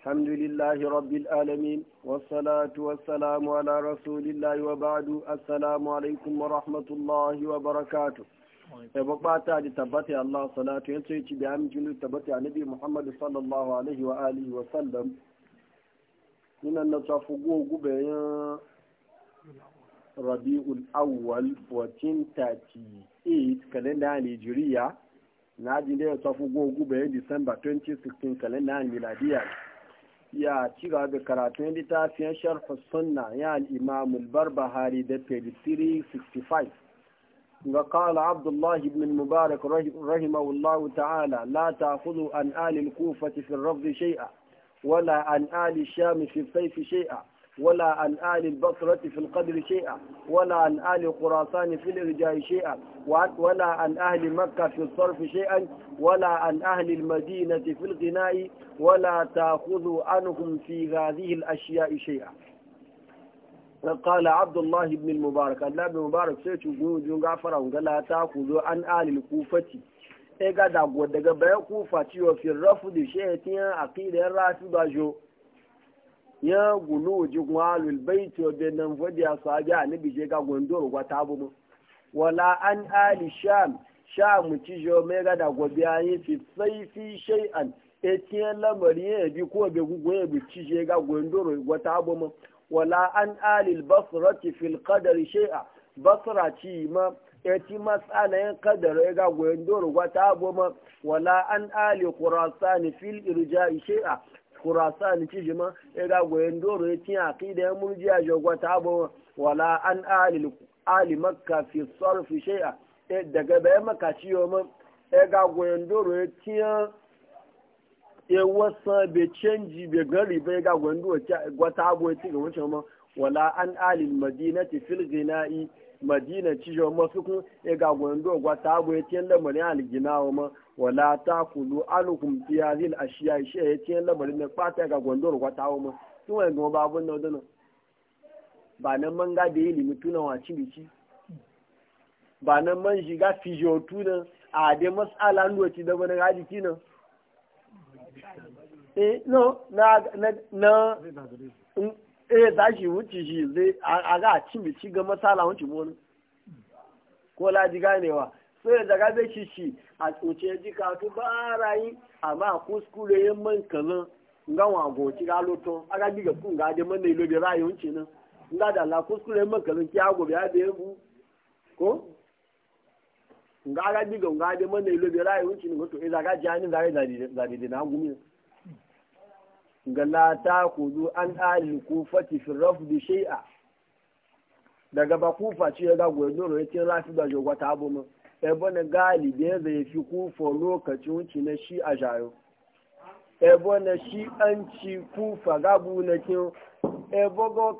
الحمد لله رب العالمين والصلاة والسلام على رسول الله وبعد السلام عليكم ورحمة الله وبركاته babbata da tabbata ya Allah salatu yace yace da amincin tabbata annabi Muhammad sallallahu alaihi wa alihi wa sallam ninan na tafu Rabiul Awwal 1438 kalenda Nigeria na jinde ya tafu December 2016 kalenda miladiya ya ci gaba da karatun littafin sharh sunna ya al barbahari da page ga kala abdullahi ibn mubarak rahimahullahu ta'ala la ta an ali al-kufa fi ar-rafd wala an ali sham fi ولا عن آل البصرة في القدر شيئا ولا عن آل خراسان في الإرجاء شيئا ولا عن أهل مكة في الصرف شيئا ولا عن أهل المدينة في الغناء ولا تأخذوا عنهم في هذه الأشياء شيئا قال عبد الله بن المبارك الله بن المبارك سيتشوفون جون قال لا تأخذوا عن آل الكوفة إيه قد أقول دقا بيقوفة في الرفض شيئا أقيد الرافض جو ya gulu ji gwalul baiti wa nan fadi ya sahabi a nabi je ga gondoro gwa tabu mu wala an ali sham sham ci jo me ga da gobe ayi fi saifi shay'an etiyan lamari ya bi ko be gugu e bi ci je ga gondoro gwa tabu mu wala an ali basrati fil qadar shay'a basra ci ma eti matsalayin kadar ya ga goyon doro gwata goma wala an ali kurasani fil irja shay'a khurasan ci jima ya ga goyen doro ya ci aqida ya murjiya jogwata abu wala an alil ali makka fi sarfi shay'a daga bayan maka ci yo mun ya ga ya ci ya wasa be canji be gari bai ga goyen doro gwata abu ya ci ga wancan ma wala an madina ti fil ghina'i madina ci jo ma sukun ya ga goyen doro gwata abu ya ci lamarin aliginawa ma wala ta kulu alukum fi hadhihi al-ashiya shi ya ce lamarin ne kwata ga gondoro kwata wa mu tun wani goma babu na wadana ba nan man ga da ilimi tuna wa ci bici ba nan man shiga fijo tuna a de mas'ala ndo ci da wani gaji na eh no na na na eh da shi wuce shi zai a ga ci bici ga mas'ala wuce mu ko la ji ganewa so ya daga be shishi a tsoce ji katu ba amma kuskure yin man kalan gawa goci ga loton aga diga kun ga de man ne lobe rayi hunci nan da la kuskure man kalan ki ago ko nga aga nga de man ne to e ga jani da na gumi nga la kudu an fi rafdi shay'a daga ya ga da jogwa ebona na galibi ya fi kufa lokacin wuce na shi a jayo ebe shi an ci kufa gabu na kin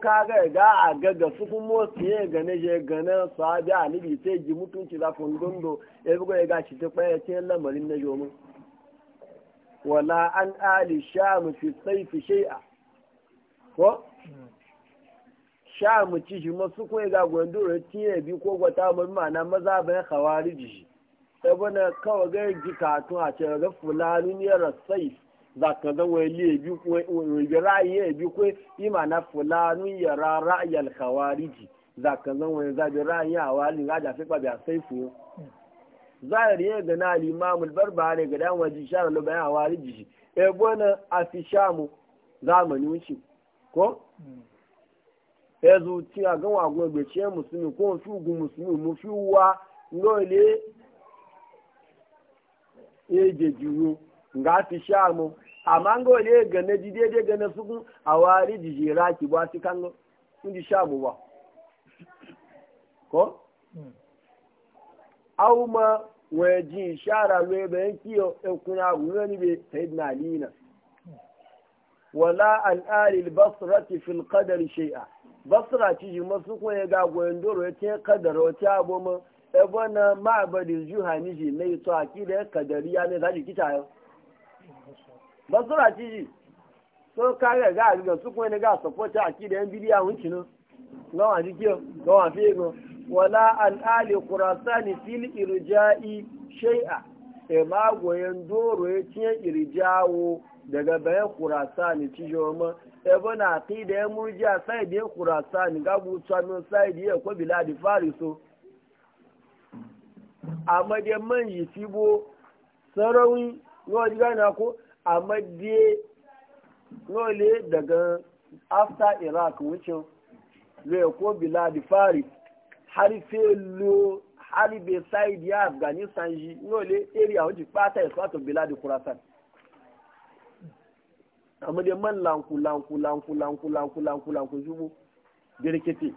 ka ga ga a gaga su kuma su yi gane je gane su abi a nibi sai ji mutunci za fun dundo ebe ga shi ta kwaye ce lamarin na jomi wala an ali sha mu fi sai fi ko sha mu ci shi masu kuma ga gwandura tiye bi ko gwata mu na maza bai hawari ji shi sai bana kawai ga ji katun a ce ga fulani ne rasai ka zan wai liye bi ko wai ra'ayi ya bi ko yi ma'ana fulani ya ra'ayal hawari ji ka zan wai za bi ra'ayi a wali ga da fi ba ya. sai fuyo zahiri ya gana al-imam al-barbari ga dan waji sha lo bayan hawari ji shi e bona a fi shamu zamani wuce ko mm. ya zuci a gan wagon gbece musulmi ko fi ugu musulmi mu fi uwa lole eje juro nga ti sha mu amma nga wale ga na ji daidai sukun a wari ba sha mu wa ko hmm. au ma shara lo ebe yanki ekuna gure ni be sayyidina wala an alil basrati fil qadari shay'a basra ci ji masu ko ya ga goyen doro ya ce kadaro ta aboma e bona ma'badi juhani ji ne to akida kadari ya ne za ji kitayo basra ci ji so ka ga ga ga su ko ne ga support akida yan bidiya hunci no no a ji kiyo no a fi go wala an ali qurasani fil irja'i shay'a e ma goyen doro ya ce irjawo daga bayan kurasani cijoma ebe na ake da ya murji a saidi ya kurasani gabu tsamin saidi ya kwa biladi fariso a made man yi fibo sarauni yau ji gana ko a made nole daga after iraq wucin zai ko biladi faris har felo har be saidi ya afghanistan ji nole area wajen fata ya kwato biladi kurasani amma dai man lanku lanku lanku lanku lanku lanku lanku zubu birkiti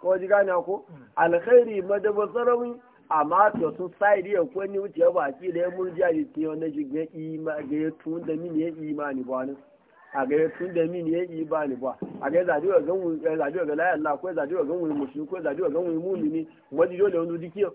ko ji gane ko alkhairi madaba sarawi amma to sun sai da ko ni wuce ba ki da mun ji ti wanda ji ga ima ga tun da min ya imani ba ne a ga tun da min ya imani ba a ga zadi wa gan zadi wa ga la Allah ko zadi wa gan mu mushrik ko zadi wa gan mu mu'mini wadi dole wani dikiyo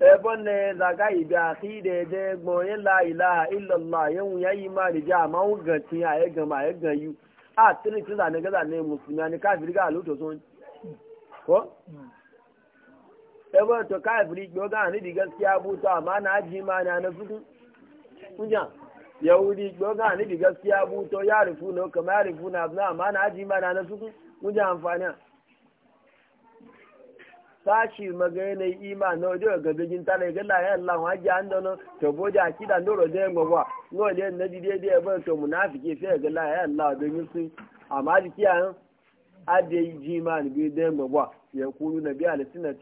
ebon ne ga ibi aki da ya je gbon yin la ila illallah yawun ya yi ma da ja ma wun ganti a ma gama gan yu a za ne zane za ne musulmi ka kafiri ga to sun ko ebon to kafiri gbo ga ni di gaskiya buto ma na ji ma na na fuku kunja yahudi gbo ga ni di gaskiya to ya rufu no kama ya rufu na ma na ji ma na na fuku kunja amfani sashi magana ima na ojo tare ga la ya Allah wa ja ando na di de de ba to munafiki fe ga la ya Allah be mi su amma di kiya ade ji e, ma ni bi de ya kulu na na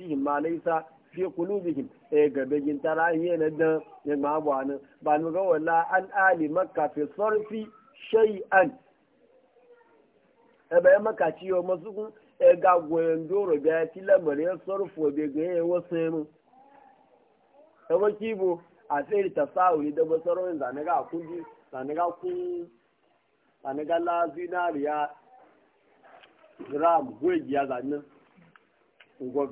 ya ma na ba no ga wala ali makka fi sarfi shay'an ga goyon doro ga ya fi lamar ya sarfo bai ga ya wasu yanu kama kibo a tsere ta sa'uri da masarorin zanaga kundi zanaga kun zanaga la gram gweji ya zanen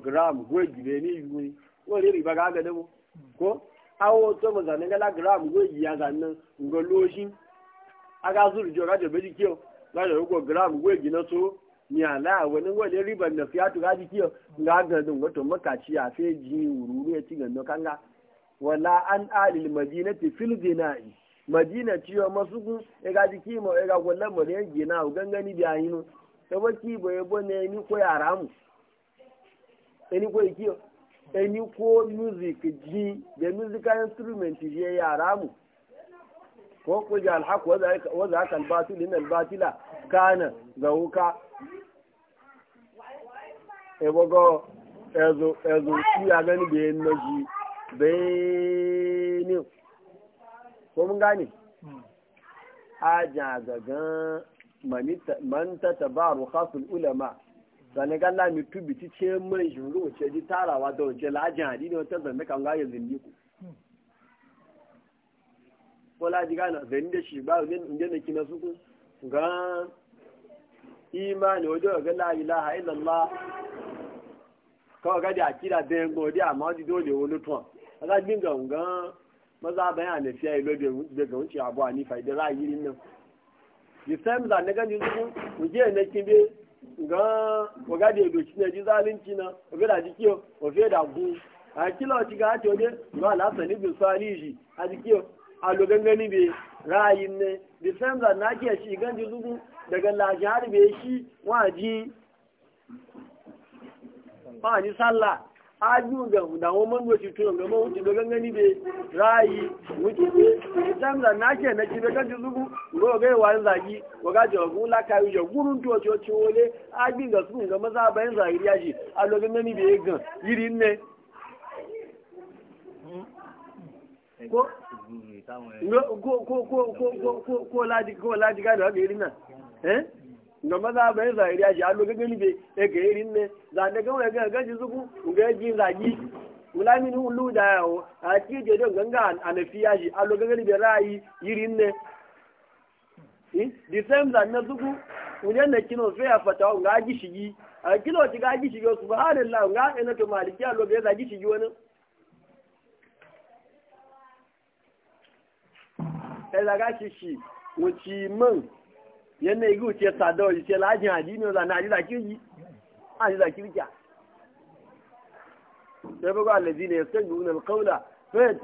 gram gweji nwere ko gram gweji ya zanen ngo lojin aga zuru gram gweji na ni ala wani wani ribar na fiya tura gaji kiyo nga gadin wato makaci a fe ji wuri ya ci e gando kanga wala an alil madinati fil zinai madina yo masu e ga gaji kima ya e ga wala mo e ne gina u gangani da to ta baki bo ya bone ni ko yara mu ni ko kiyo ni ko music ji da musical instrument ji yara mu ko ko ja alhaq wa zaka albatil in batila kana zawuka ebogo ezo ezo ti ya gani be noji be ni ko mun gani hmm. aja gagan man ta tabaru khasul ulama sani galla mi tubi ti ce mai shuru wace ji tarawa da wace lajin hadi ne wata zanne kan gaya zindi ku hmm. ko laji gana zandi da shi ba wajen inda na kina su ku? ga imani wajen ga la ilaha illallah kawai gadi a kira da yan godi amma wani dole wani tuwa a ga dinga ngan maza bayan a nafiya ilo ga wuce abu a nifa idan ra'ayi rin nan the same da na gani su kuje na kibe ngan ko gadi edo shi na ji zalunci na o da jikiyo o fe da gu a kila o tiga ati ode ngan alasa ni su aliji a jikiyo a lo gangani be ra'ayin ne the same da na ke shi ganji zugu daga lajin harbe shi waji ba ni aju ga da won man wuce ga be be dan da na ki zugu ro ga wa wa ga jo gu la kai jo le ga su ga a dogan gani be gan yiri ne ko ko ko ko ko ko ko ladi ko na eh? na maza bai zahiri a jalo ga gani be e ga irin ne za da ga wani ga ji zuku ga ji zagi mulamin hulu da yawo a ci je don ganga a nafiya shi a lokacin gani be ra'ayi irin ne di same za na zuku wani na kino sai a fata ga ji shigi a kino ci ga ji shigi subhanallah ga ina to maliki a lokacin zagi shigi wani ɗaya zaga shi shi man yẹnna igi òtí ẹta dọ ìṣe láàjìn àjí ní ọ̀sán náà àjíṣà kíá. ẹbọ́gọ́ àlẹ́dí ni ẹ̀sẹ̀ náà kọ́ńdà fẹ́ẹ̀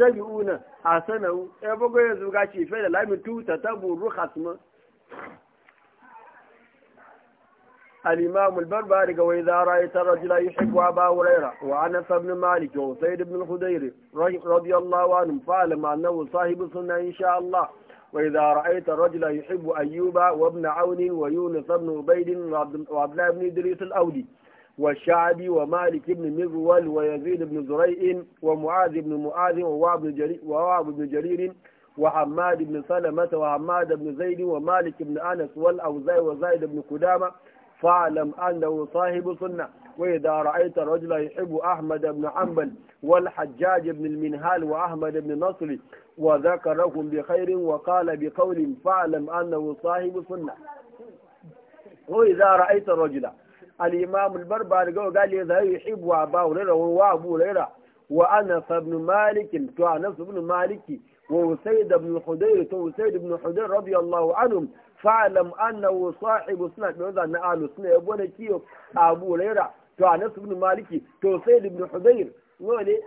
yẹn tú الإمام البربري قال رأيت رجلا يحب أبا هريرة وأنس بن مالك وسيد بن الخديري رضي الله عنهم فاعلم أنه صاحب السنة إن شاء الله وإذا رأيت الرجل يحب أيوب وابن عون ويونس بن عبيد وعبد الله بن إدريس الأودي والشعبي ومالك بن مغول ويزيد بن زريع ومعاذ بن معاذ ووعب بن جرير وحماد بن سلمة وحماد بن زيد ومالك بن أنس والأوزاعي وزيد بن قدامة فاعلم أنه صاحب سنة وإذا رأيت رجلا يحب أحمد بن حنبل والحجاج بن المنهال وأحمد بن نصر وذكرهم بخير وقال بقول فاعلم أنه صاحب سنة وإذا رأيت الرجل الإمام البربري قال لي إذا يحب أبا هريرة وأبو هريرة وأنس بن مالك وأنس بن مالك وسيد بن حدير وسيد بن حدير رضي الله عنهم فاعلم أنه صاحب سنة بماذا أن أهل السنة يبون كيو أبو هريرة to anas ibn maliki to sayyid ibn hudayr wani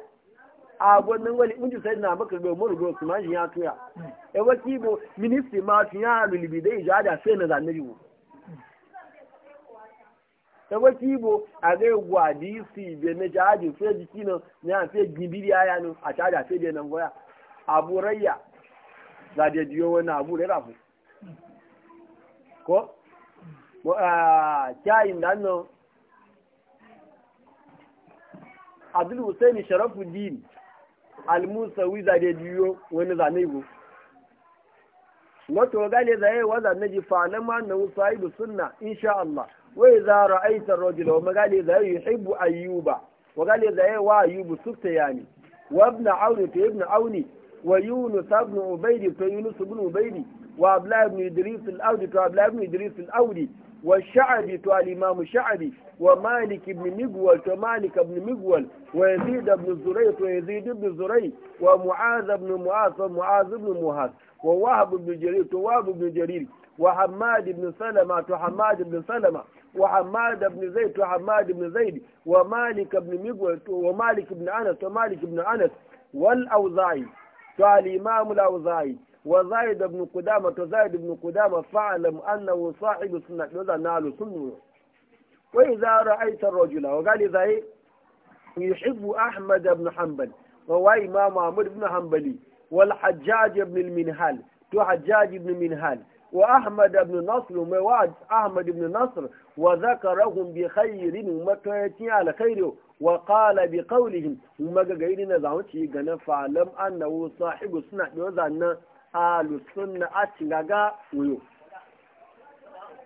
a gwanin wani inji sai na bakar bai umaru ga usman shi ya tuya e waki bo ministry ma shi ya lulubi dai jada sai na zanne jiwo ta e waki bo a ga gwa dc da na jadi sai jiki nan ya sai gibiri aya nan a jada sai da nan goya abu rayya za da diyo wani abu da rafu ko kyayin da nan abdul Hussein sharafuddin almusawi zade biyo wani zane go wato gane zaye wa zane ji fa na usaibu sunna insha Allah wai za ra'aita rajula wa magale zaye yuhibbu ayyuba wa gale zaye wa ayyubu sufta yani wa ibn auni ibn auni wa yunus ibn ubaydi to yunus ibn ubaydi وأبلا بن إدريس الأودي وأبلا بن إدريس الأودي والشعبي والإمام الشعبي ومالك بن مقول ومالك بن مقول ويزيد بن الزريت ويزيد بن الزريت ومعاذ بن معاذ ومعاذ بن معاذ ووهب بن جرير ووهب بن جرير وحماد بن سلمة وحماد بن سلمة وحماد بن زيد وحماد بن زيد ومالك بن مقول ومالك بن أنس ومالك بن أنس والأوزاعي فالإمام الأوزاعي وزايد بن قدامة وزايد بن قدامة فاعلم أنه صاحب السنة وذا نال سنة وإذا رأيت الرجل وقال إذا يحب أحمد بن حنبل وهو إمام أحمد بن حنبلي والحجاج بن المنهال تو حجاج بن المنهال وأحمد بن نصر ومواد أحمد بن نصر وذكرهم بخير ومكاتي على خير وقال بقولهم وما قايلين زعمتي قنا فعلم أنه صاحب السنة وذا نال alusunna a cingaga wuyo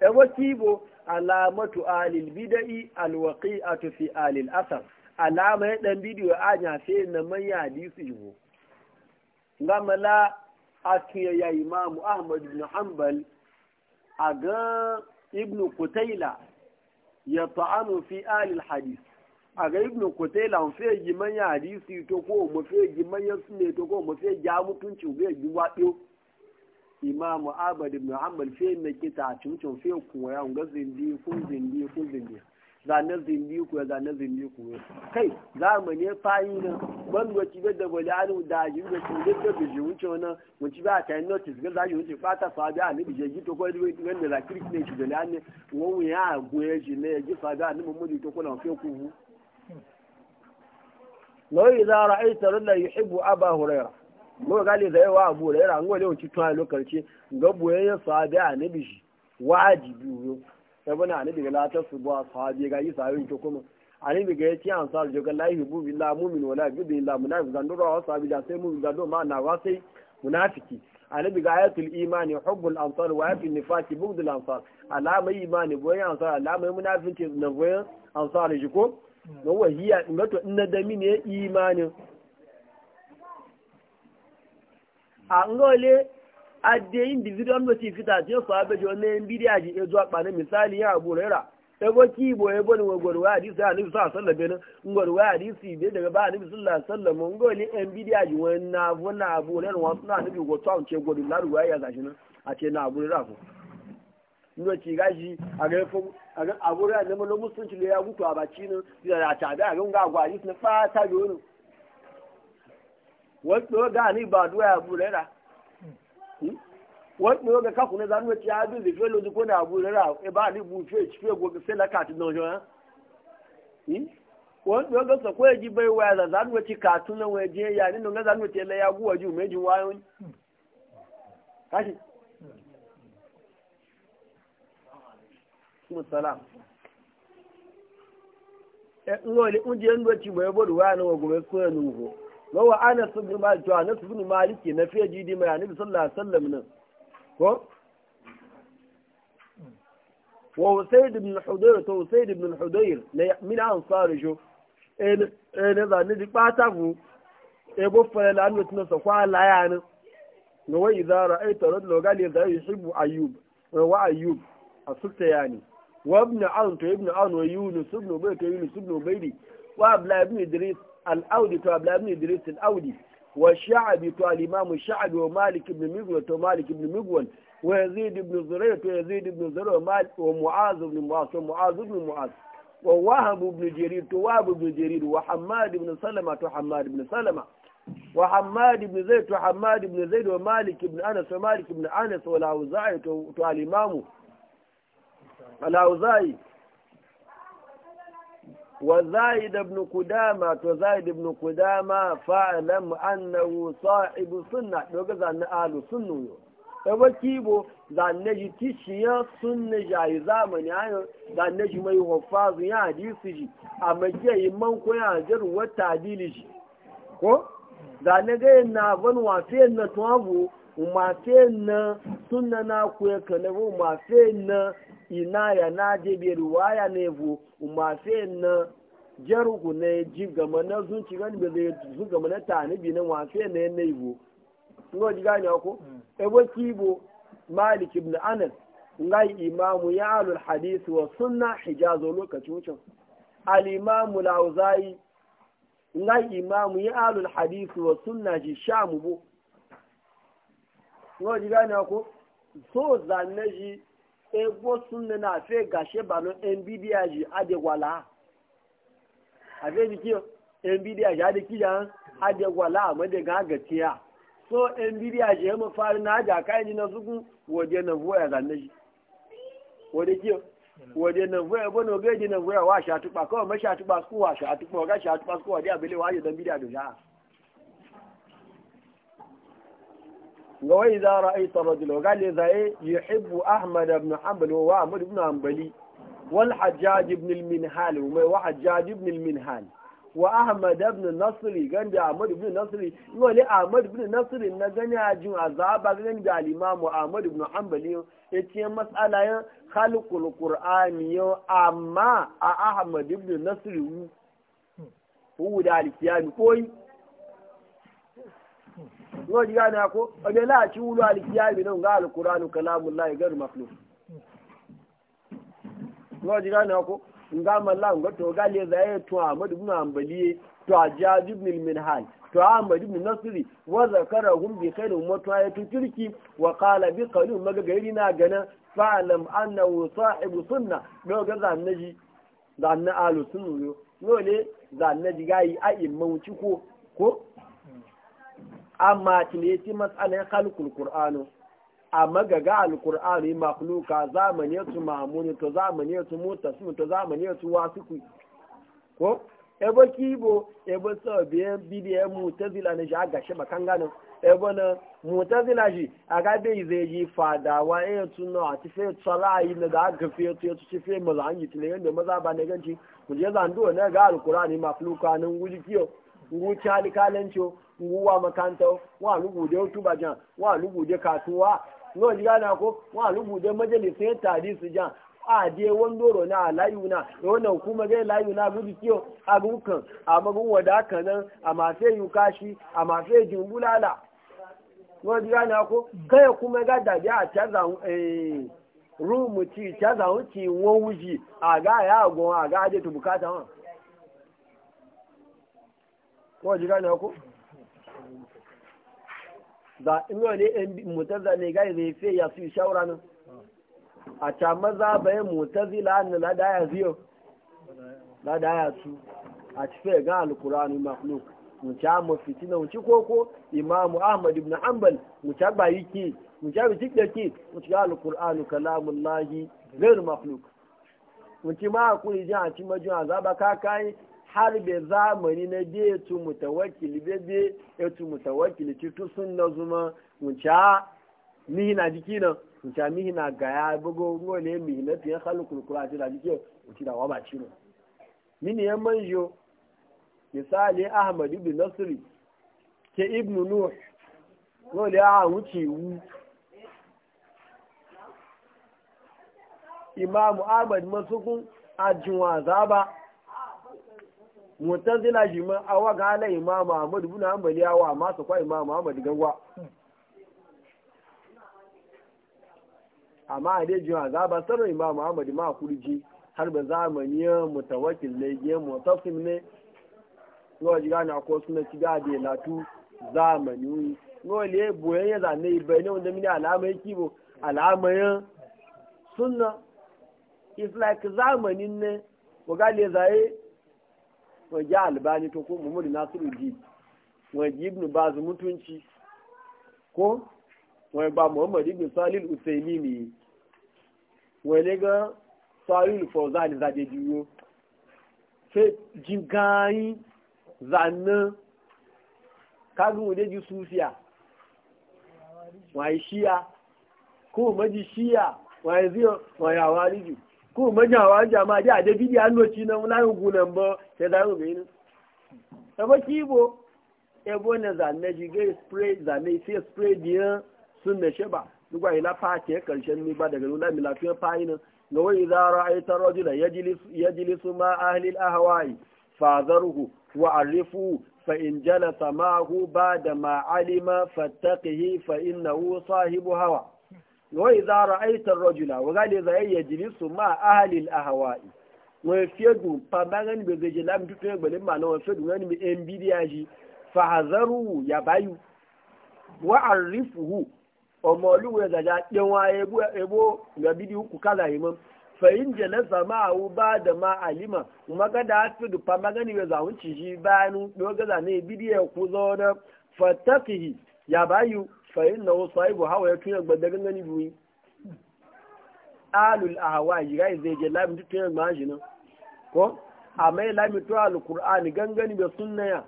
ewa kibo alamatu alil bida'i alwaqi'atu fi alil asar alama ya dan bidiyo a nyafe na manya hadisi jibo gamala akiya ya imamu ahmad ibn hanbal a ga Ibnu kutaila ya ta'anu fi alil hadis a ga ibn kutela mu fe gi manya hadisi to ko mu fe gi manya sunne to ko mu fe ja mutunci ga gi wadio imam abad ibn hanbal fe ne kita cimcin fe kuwa ya ga zindi ku zindi ku zindi zane zindi ku ya zane zindi ku kai za zamani fayi na ban ga ci da bali an da ji ga ci da da ji wuce wannan mu ci ba ta notice ga zai wuce fata sabi an bi ji to ko da wanda la kirki ne ci da ne wo ya goye ji ne ji sabi an mu mu to ko na fe ku lọ́wọ́ ara zára ayi tsarin da yuhibbu aba huraira abu huraira an gwale wuce tun a lokaci ga boyayyen sahabi a nabi shi wajibi yo sai bana a nabi latar su ba sahabi ga yi sahabin to kuma a nabi gaya yace an sa jogan la yuhibbu billahi wala yuhibbu billahi munafiq dan da sai ma na wa sai ga ayatul imani na hmm. wahiya in gato ina da mini ya imanin a ngole adde individual no ti fita ti fa be jo ne mbiri aji ezo apa ne misali ya aburera ebo ki bo ebo e ni wa ani sa ngoro wa be daga ba ani sallallahu alaihi wasallam ngole e mbiri aji won na vo na aburera won na ni go town che go laru wa ya gashin a ce na aburera ko ndo fo a ya a nemo musulunci da ya gutu a baci nan a a agwa gwari na fata da onu wani ɗo a ni ba duwa ya bure ra hmm? wani ɗo ga kakuna ya felo ji a bure a e ba echi fe na kati don jona hmm? wani ɗo ya ji bai waya na ya ni nan ga ya ji umeji wayo musalam eh, ngoli unje ndoci mai bodu wani wa gobe ko nugo lawa ana to ana na fiye jidi mai annabi sallallahu alaihi wasallam nan ko wa usayd ibn hudayr to usayd ibn hudayr ansar jo en en za ni di pata e bo fere la so kwa la ya ni no wa idara ay tarad logali da yuhibbu wa yani وابن عون تو ابن عون ويونس ابن عبيد تو يونس ابن عبيد وابلا ابن ادريس الاودي تو ابلا ابن ادريس الاودي والشعبي تو الامام الشعبي ومالك بن مغول تو مالك بن مغول ويزيد بن زريع تو يزيد بن زريع ومعاذ بن معاذ ومعاذ بن معاذ ووهب بن جرير تو وهب بن جرير وحماد بن سلمة تو حماد بن سلمة وحماد بن زيد تو حماد بن زيد ومالك بن انس ومالك بن انس والاوزاعي تو الامام al'auza'i wa za'id ibn kudama to za'id ibn kudama fa'alam annahu sahibu sunna doga zanna alu sunnu yo e ba kibo zanne ji tishiya sunna jayi zamani ayo zanne ji mai hofazu ya hadisi ji amma ke yi man ko ya jar wata dili ji ko zanne ga na ban wa fe na tuwabu ma fe na sunna na ku ya kalabu ma fe na ina ya na je ruwaya na bu ma sai na jaruhu ne ji gama na zunci gani bai zai zu gama na tani bi na ma na ne bu ngo ji gani ako hmm. e kibo malik ibn anas ngai imamu ya alul hadith wa sunna hijazo lokacin wucin al imamu lauzai ngai imamu ya alul hadith wa sunna ji shamu bo ngo ji gani ako so zanne ji ebo sunna na fe gashe ba no nbidia ji ade wala afe ji kiyo nbidia ji ade kiya ade wala amma de ga gatiya so nbidia ji mu fari na aja aka ni na zugu waje na voya ga ne waje kiyo waje na voya na oge gaji na voya wa sha ka ko ma sha tupa ku wa sha tupa ga sha tupa ku wa dia bele wa je dan bidia do ja ga wai za ra'aita rajul ga le zai yuhibbu ahmad ibn hanbal wa ahmad ibn hanbali wal hajjaj ibn minhal wa wa hajjaj ibn minhal wa ahmad ibn nasri gan da ahmad ibn nasri wa le ahmad ibn nasri na gani ajin azaba gan da al imam ahmad ibn hanbali e yace mas'ala ya khalqul qur'ani amma a ahmad ibn hu da al ngo ji gane ko obe la ci wulu alkiyami non ga alquranu na gar makhluq ngo ji gane ko nga malla ngo to ga le zaye to amadu bin ambaliye to ajaj ibn minhal to a amadu ibn nasri wa zakarahum bi khairin ummatu ayatu turki wa qala bi qalu gari na gana fa'lam annahu sahibu sunna do ga zannaji zanna alu sunnu yo no ne zannaji gayi a imman ko ko amma tileti matsalin halkul qur'anu amma gaga alqur'anu yi makhluka zamani su mamuni to zamani su mutasim to zamani su wasiku ko ebo kibo ebo so biye bidiye mutazila ne ja gashi makangano? ganin ebo na mutazila ji aga be zai ji fadawa e eh, tuno a tife yi na da aka fiye to yato tife maza an yi tilayen da maza ba ne ganci mu je zando ne ga alqur'ani makhluka nan wuji kiyo nguci halikalancio wa makanta wa lugude utuba jan wa lugude kasuwa no diga na ko wa lugude majalisai tadisu jan a je wandoro na layuna wannan kuma zai layuna gudu kiyo a gukan a magun wadaka nan a masu yi kashi a masu yi jimbulala wani gana ko kai kuma ga dabi a caza e, rumu ci caza wuce won wuji a ga ya agon a ga aje tu bukata wani wani gana ko za ina ne mutazila ne ga zai fe ya su shawara nan a ta maza bayan mutazila na lada ya ziyo lada ya su a ci fe ga alkurani makhluk mu ca mu fitina mu ci koko imamu ahmad ibn hanbal mu ca yi ki mu ca bi tikda ki mu ci ga alkurani kalamullahi ghairu makhluk mu ci ma ku ji a ci majun azaba kakai har zamani na biye tu mutawakili biye ya e tu mutawakili tu sun na zuma wuce mihi na jiki nan wuce mihi na gaya bugo ruwa ne mihi na fiye halin kurkura ce da jiki wuce da waba ci nan mini yan manjo misali ahmad ibn nasiri ke ibn nuh ruwa ne a wuce wu imamu ahmad masukun ajiyar zaba zina shi ma awa ga ala imam ahmad buna hanbali awa ma su kwa imam ahmad gangwa amma a dai jiwa za ba sanar imam ahmad ma kurji har ba zamani mutawakil ne ge mutasim ne ko ji gana ko suna ci ga da latu zamani ko le boye ya zane bayanin wanda mini alama ya kibo alama sunna is like zamanin ne ko ga le zaye wọ́n jẹ́ albani tó ko muhammadu nasiru di wọ́n mutunci ko wọ́n ba muhammadu ibnu salil usaini ne wọ́n lè gan salil fọzani zade duro zanna wọ́n deji sufiya wọ́n shiya ko maji shiya wọ́n ziyo wọ́n yi ju ko maji awari jama'a jẹ́ an àlòci na láyé sai da yau bai nan ebo kibo ebo ne zane jigai spray zane sai spray biyan sun na sheba duk wa ila fati ya karshen ni ba daga nuna mi lafiyar fayi nan ga wani zara a yi ta rajula ya su ma ahlil fa fazarhu wa arifu fa in jalasa hu ba da ma'alima fattaqihi fa innahu sahibu hawa ga wani zara a yi ta rajula wa gali zai ya jilisu ma ahlil wọn fiye dùn pàmò gani bẹ gẹjẹ lámì tó fẹ gbẹlẹ mà náà wọn fiye dùn gani bẹ ẹn bí díà fàhàzẹrù yàbáyù wọn àrífùhù ọmọ olúwo ẹgbàjà tẹwọn ẹbú ẹbú gàbídì kù kálà yìí mọ fẹyìn jẹlẹ sàmà àwọn bá dàmà àlìmà wọn gàdà fiye dùn pàmò gani bẹ zàwọn tìjì báyìí wọn gàdà ní ẹbí díà kú zọọdọ fàtàkìhì yàbáyù fẹyìn náà sọ ibò hàwọn ẹtún ẹgbẹdẹ gani alul ahawa yìí láì zẹjẹ lámì tó ko amma ya lamitu alkur'ani gangani bai sunna ya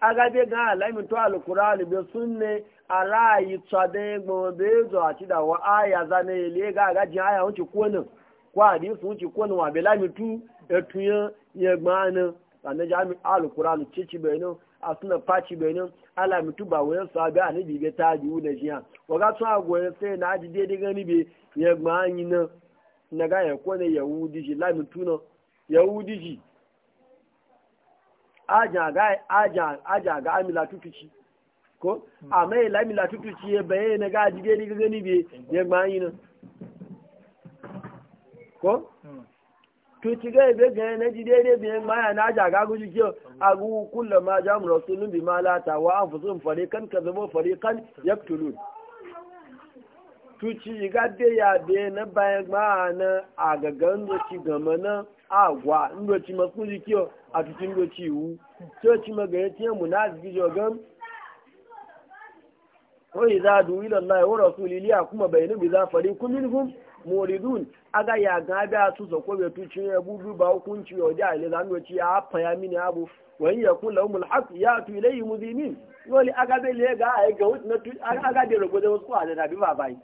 aga bai ga lamitu alkur'ani bai sunne a ra'ayi tsade gbọmọbe zo a ci da wa aya zane ile a agajin aya wuce kwanin ko hadisi wuce kwanin wa bai lamitu e ya ya sannan jami alkur'ani cici bai nan a suna faci bai nan ala mitu ba wayan ani jiya sai na gani ya nan na ga ya shi yahudi ji aja ga amila tutuci ko a hmm. mai lamila tutuci ya baye na gaji gani ni gani biye ya gbanyi nan ko hmm. tutu ga ibe gani na ji daidai be maya na aja ga guji kiyo gugu kula ma jamu rasulun bi malata wa anfusun fariqan fari kan yaqtulun tuci ga de ya be na bayan ma na da ci gama na agwa ndochi makunji kiyo atuti ndochi iwu coci magana tiye munafiki jogan wai za du ila Allah wa rasuli ya kuma bayanu bi za fari kun minhum muridun aga ya ga da su so ko be tuci ya bubu ba hukunci yo da ile zan doci ya fa ya mini abu wa ya kun lahumul haq ya tu ilayhi muzimin wali aga be le ga ai na tu aga de rogo da wasu ala da bi ba bai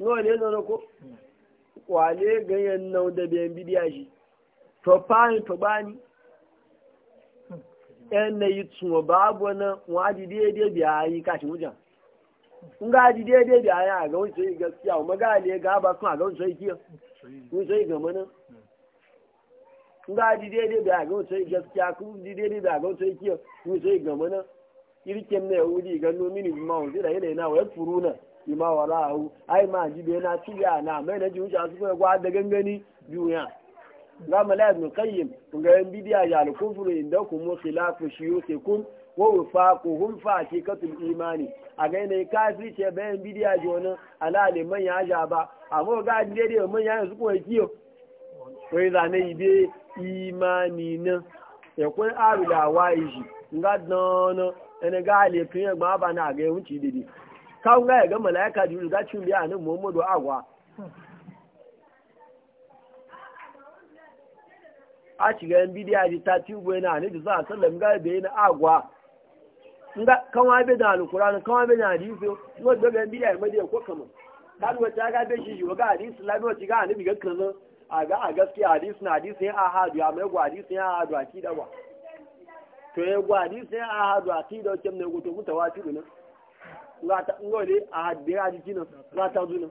wali ne wale ganyen da biyan bidiya shi to to bani yan na yi tsuwa babu wani wadi daidai biya yi kashin wujan in ga ji daidai biya yi ga wani sai gaskiya kuma ga ale ga ba kuma a ga wani sai wani sai in ga ji daidai biya a ga wani sai gaskiya kuma ji daidai biya a ga wani sai kiyo wani sai gama nan irken na yahudi ga ma wani lima wara'ahu ai ma ji bai na tiya na mai na jiwuce a suka gwa da gangani duniya ga mala qayyim kun ga yan bidiya ya al-kufru indakum wa khilafu shuyukikum wa wifaquhum fa hakikatul imani a ga ne kafiri ce bayan bidiya jona ala liman ya ja ba amma ga dai dai man ya su ko kiyo ko za ne ibe imani na ya kun arula waiji nga dono ene ga le kin ba na ga ci dede kawun ga ga malaika jibril ga cin biya nan muhammadu agwa a shiga yan bidiya ji ta ci ugwe na da za a sallam ga bai na agwa nga kanwa bai da alkurani kanwa bai da hadisi ngo da ga bidiya mai ya ko kama ga bai shi ga hadisi la mai ga annabi ga kan a ga a gaskiya hadisi na hadisi ya ahadu ya mai gwa hadisi akida gwa hadisi ya ahadu ne ngole a hadira jikina rata zuna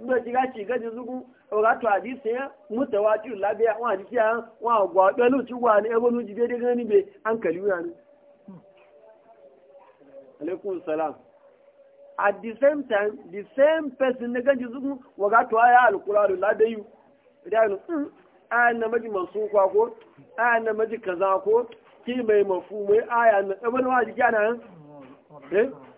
ndo jiga ci gaji zugu rato hadisi ya mutawati labe wa hadisi ya wa gwa dalu ci gwa ne ebo nuji dede gani be an kaliwa ne alaikum salam at the same time the same person ne gaji zugu wa rato ya alquranu labe yu idan e mm, ayan na maji mansuka ko ayan na maji kaza ko ki mai mafu mai aya na ebo nuji kana mm, mm, eh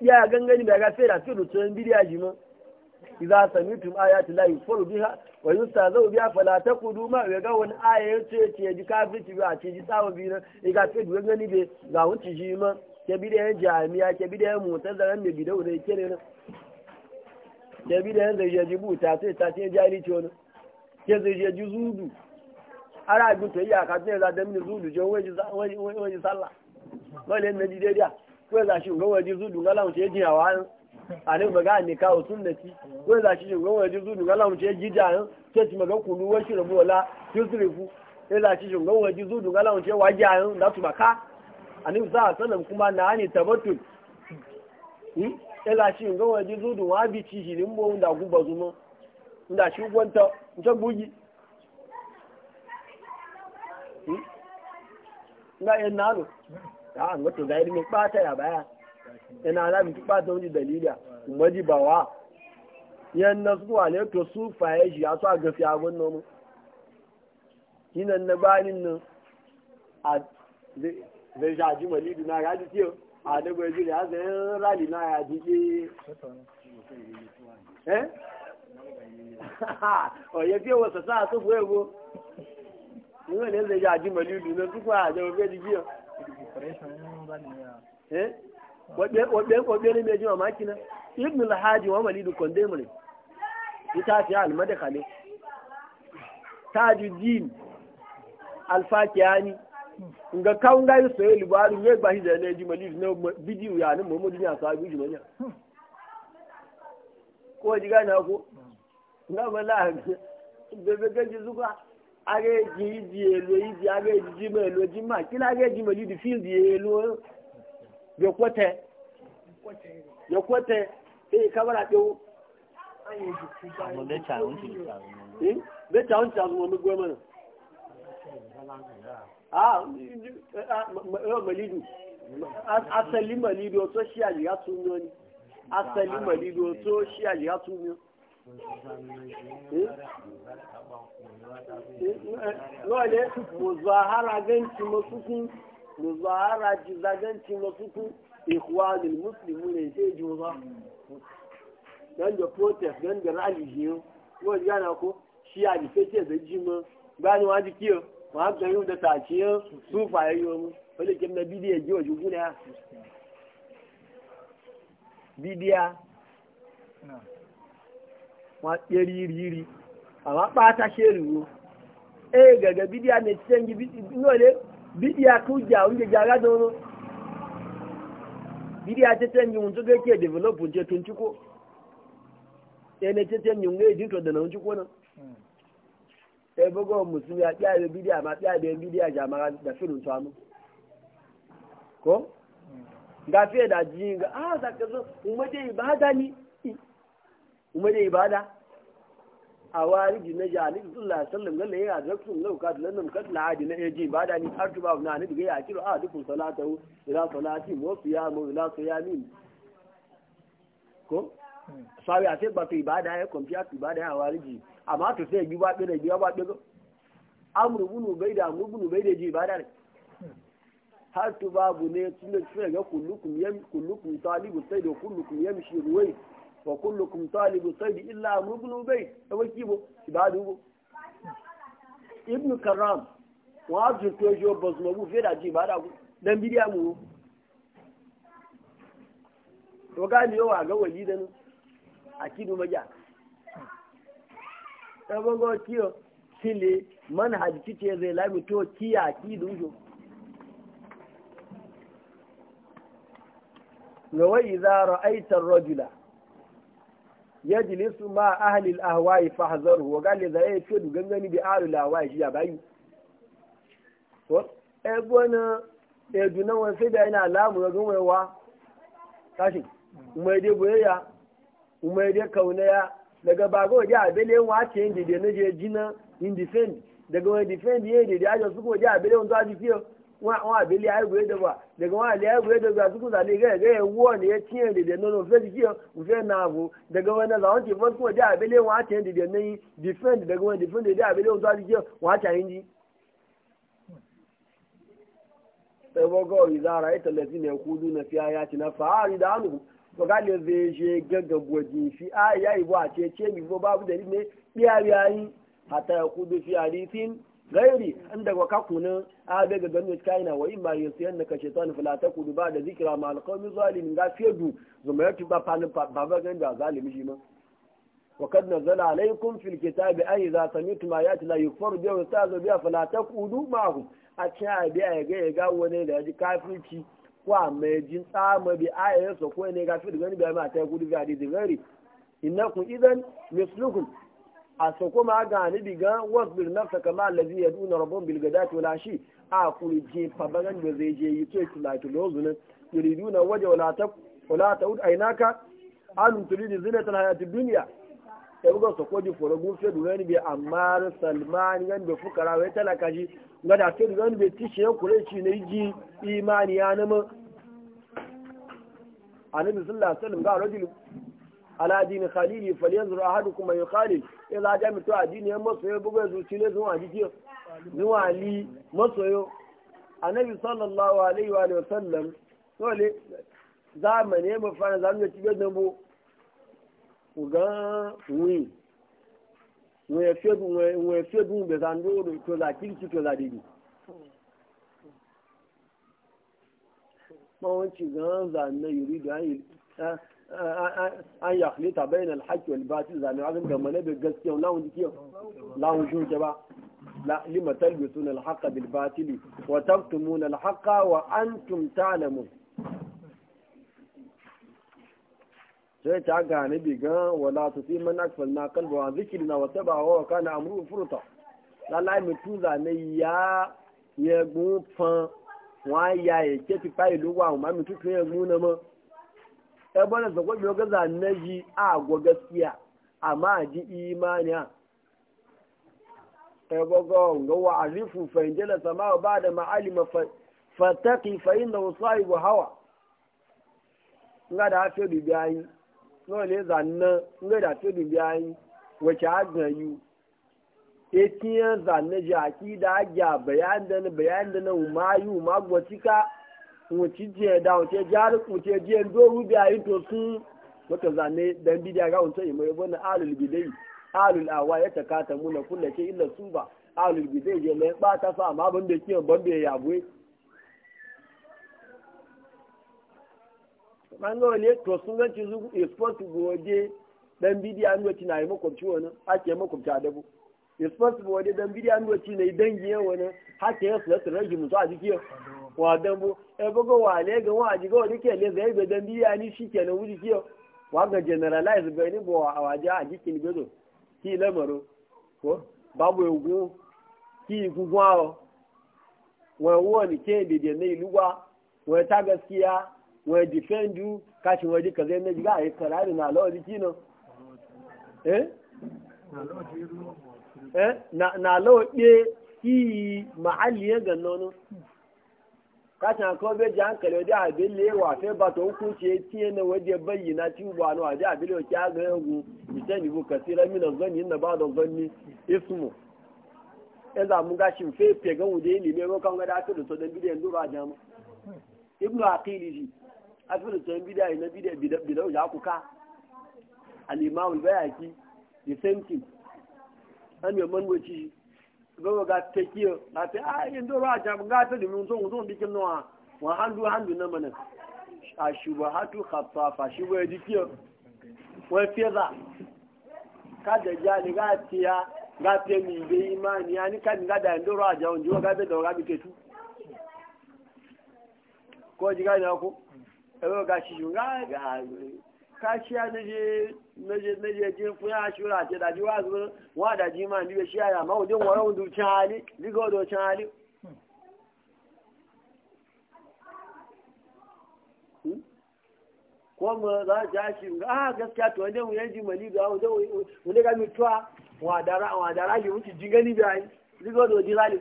ya gangani bai ga fera fi rutun bidiya ji mu idza samitum ayati la yufuru biha wa yustazu biha fala taqulu ma ya ga wani aya ce ce ji kafirci ba ce ji tsawo bi na e ga fi gangani bai ga wuce ji ma ke bidiya jami'a ke bidiya mutazaran da bidau da yake na. ke bidiya da ya jibuta sai ta ce jali ce wani ke zai je ji zudu ara bi to ka sai da mini zudu je wai wai sallah wai ne ji dai ko za shi gawa ji zudu ga lamu ce jiyawa an ani maga ne kawo sunnati ko za shi gawa ji zudu ga lamu ce gida an ce ci maga kunu wa shi rabu wala yusrifu ko za shi gawa ji zudu ga lamu ce waje an da su baka ani za a sanan kuma na ani tabattul hmm ko za shi gawa ji zudu wa bi ci shi limbo da guba zumo da shi gwanta ta bugi na yan nalo a an wato ga ilimin ɓata ya baya ina alamin ki ta wani dalila umaji ba wa yan na zuwa ne to su faye shi ya so a gafi nomu hinan na banin nan a zai shaji malidu na gaji ciyo a dago jiri zai rali na ya jike eh ọ̀yẹ́ tí wọ́n sọ̀sọ́ àtúgbò ẹ̀wọ́ níwọ̀n ní ẹ̀sẹ̀ yà àdìmọ̀lì ìlú náà túkọ̀ àjẹ́ eh wabbiyar mai ji mamaki na ibn alhaji wa malidu kondemure ita fi almadaka ne tajuddin alfakiyani nga nga yi soye libaru ne gba shi da ne ji ne bidiyo aga eji iji elu iji aga ejiji ma elu ji ma kila aga eji ma elu di field elu yokwete yokwete e kabara tewo becha onci azu wani gwe mana a ah, ah, ah, malidu asali malidu oto shi aliya tun yoni asali malidu oto shi aliya tun yoni lọ́ọ̀lẹ́ mùzọ̀hárà gẹ́ǹtì mọ́sùkún mùzọ̀hárà jìzà gẹ́ǹtì mọ́sùkún ìkwáàlì mùsùlùmí lè ṣe jù wá gẹ́ǹdẹ̀ protest gẹ́ǹdẹ̀ rally yìí wọ́n yá na ko ṣí àdìfẹ́tẹ̀ ẹ̀bẹ̀ jí mọ́ gbá ni wọ́n á di kí o wọ́n á gbẹ̀rún dẹ́ta àti yẹn tún fà ẹ́ yọ mú ó wọn pé rírírí àwọn pátá ṣe rìwò ee gẹ̀gẹ̀ bídíà ní ti sẹ́yìn náà lé bídíà kú jà oúnjẹ jà aládọ́rọ́ bídíà ti sẹ́yìn ohun tó gé kí ẹ̀ dèvélọ́pù jẹ tó ń túkó ẹni ti sẹ́yìn ohun èyí tó dẹ̀nà ń túkó náà ẹ bọ́gọ́ mùsùlùmí àti àìrè bídíà àmà àti àìrè bídíà àjà àmà dàfínù tó amú kọ́ gàfíẹ̀ dàjí ń gà ah, á sàkẹ́sọ́ òun mọ́jẹ́ ìbáadá kuma da ibada a wari jina ji ali la sallam wasallam galle ya zakku lau ka da nan kad la adi na yaji ibada ni har tuba na ni diga ya kiro a salata salatahu ila salati mu mo ila qiyamin ko sawi a sai ba to ibada ya komfiya ibada ya wari ji amma to sai giwa ba da giwa ba da amru bunu baida amru bunu baida ji ibada ne har tuba bu ne tun da ga kullukum yam kullukum talibu sai da kullukum yamshi ruwai wa kullukum talibu saidi illa amrubnu bai da waki bo ibadu bo ibnu karam wa ju to jo bozmo bu fe da ji ibada ku dan bidiya mu to ga ni wa ga wali da nu akidu maja ta bongo kiyo sile manhaj kice zai lami to kiya akidu jo ga wai za ra'aitar rajula yajlisu ma ahli al-ahwa'i fahzaru wa gal da ya ce gangani bi ahli al-ahwa'i shi ya bayi ko e bona e duna na sai da ina alamu ga kaunaya daga bago ja abele wa ce na je jina in defend daga wani defend yayin da ya su ko abele ji fiyo wọn àbílẹ̀ àìwé dọ̀bà daga wọn àlẹ́ àìwé dọ̀bà àtúkù sàlẹ̀ gẹ́gẹ́ ẹ̀wọ́ ni ẹ tiẹ̀ dìde nínú fẹ́ ti kí ọ fẹ́ náà bò daga wọn náà làwọn ti fọ́ sí wọn dé wọn àti ẹ̀ dìde ní different daga wọn different dé àbílẹ̀ wọn tó àti kí wọn àti àyín jí. ẹ̀fọ́gọ́ ìzára ìtẹ̀lẹ̀ sí ni ẹ̀kú dún fi aya na gairi inda waƙar kuna a abai ga ganu da china waiyi ma ya siyan nakashe tsawon falata kudu ba da zikira ma alƙawunin zuwa lingafe du zuma ya tuba babban ganyen da azale mu shi ma. waƙar nazar alaikun firgita bai aiza sami tunanin na yi kofar biyu a wasu tazomin ya gaya ya ga wani da ya ji kafin ki ma ku idon ms a so kuma ga ni diga wasbir nafsa kama allazi yaduna rabbun bil gadati wala shi a kurje fabaran da zai je yi to tilaki lozunin yuriduna waje wala ta wala ta ud ainaka an turidi zinatul hayati dunya e bugo so ko di foro gun fe du ni bi ammar salman gan be fukara we talaka ji ngada fe du gan be tishe kure ci ne ji imani ya namu annabi sallallahu alaihi wasallam ga rajul ala dini khalili falyanzur ahadukum man yukhalil idza jami'tu adini yan masoyo buga zuci ne zuwa jiki zuwa li sallallahu alaihi wa sallam dole zamane mu fara zamane ci gadan bu ga wi wi efebu wi efebu be zandoro to la kirki to la digi mawon ci gan zanne yuri da yi an ya halitta bayan alhaki wani batil zane azum da mana bai gaskiya lawon la lawon shoke ba La lima talbisuna alhaqa bil batil wa taktumuna alhaqa wa antum ta'lamun sai ta gane ga wala su fi man akfal na kalbu wa zikirina wa taba wa kana amru furta mi tu zani ya yegun fan wa ya ke ti fayi luwa ma tu tun yegun na mo ya bane zakwa biyo ga zanaji a gwa gaskiya amma ji imani ya bago ga wa arifu fa injala sama ba da ma'alima fa taqi fa inna usaibu hawa nga da afi bibi ayi no le zanna nga da afi bibi ayi wace agan yu etiyan zanen ji akida aja bayan da bayan da na umayu magwatika wuce jiya da wuce jari wuce jiya doru biya yi to sun wata zane dan bidiya ga wuce yi mai wani alul bidai alul awa ya taka ta muna ce illa su ba alul bidai je mai ba ta sa ma ban da kiyan ban da ya bue ban ga wani to sun ganci isport goje dan bidiya an wuce na yi makwabci wani ake makwabci a dan bidiya na ya a E wa dambu wa wa le zai dan biya ni kiyo wa ga generalize be ni bo a waje a jikin gozo ki lamaro ko babu e egun ki aro wo ni ke na ne ilu wa ta gaskiya wọn defendu kashi wọn di kaze ne jiga ayi e kara na lo di kino eh eh na na lo pe ki mahalli ya ganno kashin kawo bai ji hankali wajen abin lewa sai ba ta hukunce tiye na wajen bayyana tuba na wajen abin lewa kya ga yagu ita ne bu kasira mina zanni na ba da zanni ismu ya e zamu gashin fai fegan da yi lime rokan gada a tudu sodan bidiyan dura jama ibnu aqili shi a tudu sodan bidiya na bidiya bidau ya kuka al-imam al-bayaki the same thing an yi manwaci ci gogo ga tekiyo a te a ah, yin doro a jam ga ta dimin so so bikin a wa handu handu na mana a shubahatu khaffafa shi wa dikiyo wa ka da jali ga tiya ga te mi be imani yani kan ga da a jam jo ga da ga bike tu ko ji ga na ku. ga shi ga kashiya naje naje naje je jin fun ya shura ce da jiwa zuwa wa da ji ma ndiye shiya ya ma wajen wara wundu cin hali liga do chali hali ko mu za ja shi a ah, gaskiya to wajen mu yaji mali ga wajen wajen ga twa wa dara wa dara ji wuce jingani bai liga do ji hali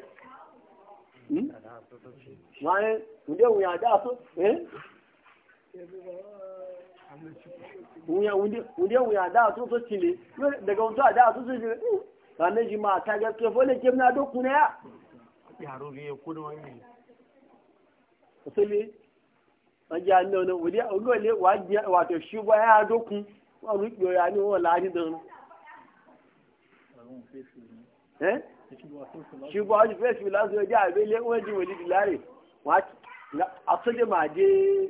wani wajen mu ya da so eh wunde wuya da su so cile daga wunto a da su so cile hmm. ranar ji ma ta gaske fole kem na doku na ya yaro ne kudin wani asali ajiya ne wani wunde a wunole wato shi ba ya doku wani rukiyo ya ne wani lani don eh shi ba wani fesi lasu ya ji abin lekwaji wani dilare wata a soje ma je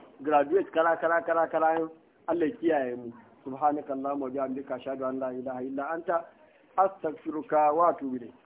graduate kara kara kara kara yin Allah kiyaye mu subhanakallahumma wa bihamdika ashhadu an la ilaha illa anta astaghfiruka wa atubu ilayk